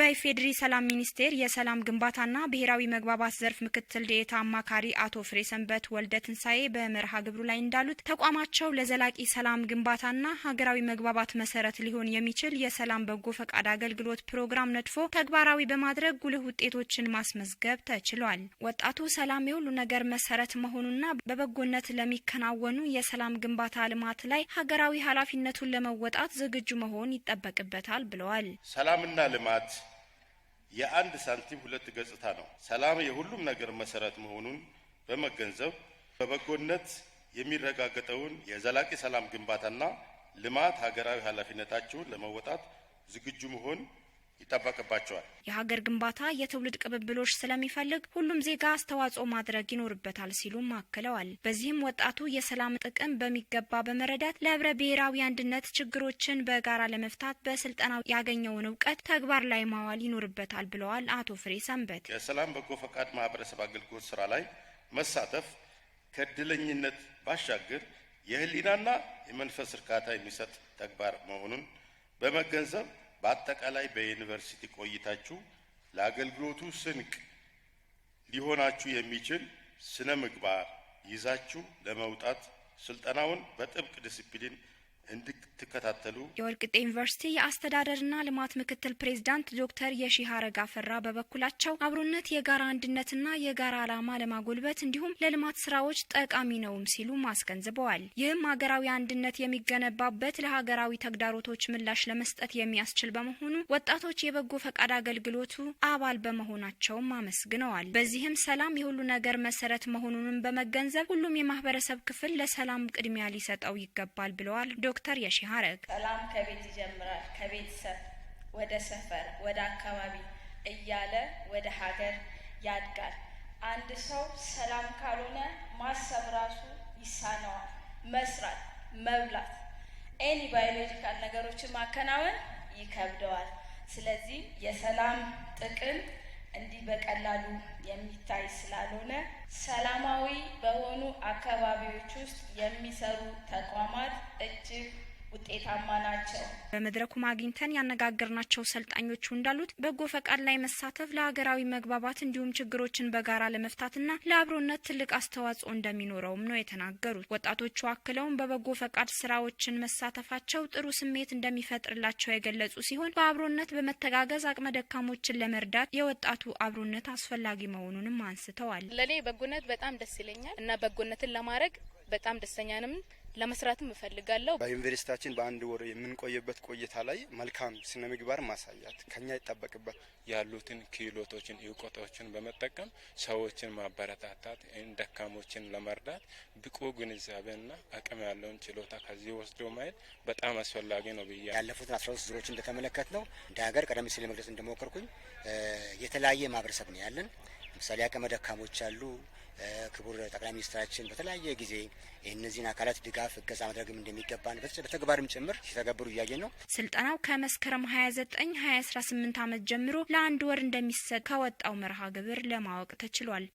በኢፌዴሪ ሰላም ሚኒስቴር የሰላም ግንባታና ብሔራዊ መግባባት ዘርፍ ምክትል ዴኤታ አማካሪ አቶ ፍሬ ሰንበት ወልደ ትንሳኤ በመርሃ ግብሩ ላይ እንዳሉት ተቋማቸው ለዘላቂ ሰላም ግንባታና ሀገራዊ መግባባት መሰረት ሊሆን የሚችል የሰላም በጎ ፈቃድ አገልግሎት ፕሮግራም ነድፎ ተግባራዊ በማድረግ ጉልህ ውጤቶችን ማስመዝገብ ተችሏል። ወጣቱ ሰላም የሁሉ ነገር መሰረት መሆኑና በበጎነት ለሚከናወኑ የሰላም ግንባታ ልማት ላይ ሀገራዊ ኃላፊነቱን ለመወጣት ዝግጁ መሆን ይጠበቅበታል ብለዋል። ሰላምና ልማት የአንድ ሳንቲም ሁለት ገጽታ ነው። ሰላም የሁሉም ነገር መሰረት መሆኑን በመገንዘብ በበጎነት የሚረጋገጠውን የዘላቂ ሰላም ግንባታና ልማት ሀገራዊ ኃላፊነታችሁን ለመወጣት ዝግጁ መሆን ይጠበቅባቸዋል። የሀገር ግንባታ የትውልድ ቅብብሎች ስለሚፈልግ ሁሉም ዜጋ አስተዋጽኦ ማድረግ ይኖርበታል ሲሉም አክለዋል። በዚህም ወጣቱ የሰላም ጥቅም በሚገባ በመረዳት ለህብረ ብሔራዊ አንድነት ችግሮችን በጋራ ለመፍታት በስልጠናው ያገኘውን እውቀት ተግባር ላይ ማዋል ይኖርበታል ብለዋል አቶ ፍሬ ሰንበት። የሰላም በጎ ፈቃድ ማህበረሰብ አገልግሎት ስራ ላይ መሳተፍ ከእድለኝነት ባሻገር የህሊናና የመንፈስ እርካታ የሚሰጥ ተግባር መሆኑን በመገንዘብ በአጠቃላይ በዩኒቨርሲቲ ቆይታችሁ ለአገልግሎቱ ስንቅ ሊሆናችሁ የሚችል ስነ ምግባር ይዛችሁ ለመውጣት ስልጠናውን በጥብቅ ዲሲፕሊን እንድትከታተሉ የወልቂጤ ዩኒቨርሲቲ የአስተዳደርና ልማት ምክትል ፕሬዚዳንት ዶክተር የሺህ አረጋ ፈራ በበኩላቸው አብሮነት የጋራ አንድነትና የጋራ ዓላማ ለማጎልበት እንዲሁም ለልማት ስራዎች ጠቃሚ ነውም ሲሉ አስገንዝበዋል። ይህም ሀገራዊ አንድነት የሚገነባበት ለሀገራዊ ተግዳሮቶች ምላሽ ለመስጠት የሚያስችል በመሆኑ ወጣቶች የበጎ ፈቃድ አገልግሎቱ አባል በመሆናቸውም አመስግነዋል። በዚህም ሰላም የሁሉ ነገር መሰረት መሆኑንም በመገንዘብ ሁሉም የማህበረሰብ ክፍል ለሰላም ቅድሚያ ሊሰጠው ይገባል ብለዋል ዶክተር የሺህ ሀረግ ሰላም ከቤት ይጀምራል። ከቤተሰብ ወደ ሰፈር፣ ወደ አካባቢ እያለ ወደ ሀገር ያድጋል። አንድ ሰው ሰላም ካልሆነ ማሰብ ራሱ ይሳነዋል። መስራት፣ መብላት፣ ኤኒ ባዮሎጂካል ነገሮችን ማከናወን ይከብደዋል። ስለዚህ የሰላም ጥቅም እንዲህ በቀላሉ የሚታይ ስላልሆነ ሰላማዊ በሆኑ አካባቢዎች ውስጥ የሚሰሩ ተቋማት እጅግ ውጤታማ ናቸው። በመድረኩም አግኝተን ያነጋገርናቸው ሰልጣኞቹ እንዳሉት በጎ ፈቃድ ላይ መሳተፍ ለሀገራዊ መግባባት እንዲሁም ችግሮችን በጋራ ለመፍታትና ለአብሮነት ትልቅ አስተዋጽኦ እንደሚኖረውም ነው የተናገሩት። ወጣቶቹ አክለውም በበጎ ፈቃድ ስራዎችን መሳተፋቸው ጥሩ ስሜት እንደሚፈጥርላቸው የገለጹ ሲሆን በአብሮነት በመተጋገዝ አቅመ ደካሞችን ለመርዳት የወጣቱ አብሮነት አስፈላጊ መሆኑንም አንስተዋል። ለእኔ በጎነት በጣም ደስ ይለኛል እና በጎነትን ለማድረግ በጣም ደስተኛንም ለመስራትም እፈልጋለሁ። በዩኒቨርሲቲያችን በአንድ ወር የምንቆይበት ቆይታ ላይ መልካም ስነ ምግባር ማሳያት ከኛ ይጠበቅበት ያሉትን ክህሎቶችን፣ እውቀቶችን በመጠቀም ሰዎችን ማበረታታት፣ ደካሞችን ለመርዳት ብቁ ግንዛቤና አቅም ያለውን ችሎታ ከዚህ ወስዶ ማየት በጣም አስፈላጊ ነው ብዬ ያለፉትን አስራ ሶስት ዙሮች እንደተመለከት ነው እንደ ሀገር ቀደም ሲል መግለጽ እንደሞከርኩኝ የተለያየ ማህበረሰብ ነው ያለን። ምሳሌ አቅመ ደካሞች አሉ ክቡር ጠቅላይ ሚኒስትራችን በተለያየ ጊዜ የእነዚህን አካላት ድጋፍ እገዛ ማድረግም እንደሚገባን በተግባርም ጭምር ሲተገብሩ እያየን ነው። ስልጠናው ከመስከረም 29 2018 ዓመት ጀምሮ ለአንድ ወር እንደሚሰጥ ከወጣው መርሃ ግብር ለማወቅ ተችሏል።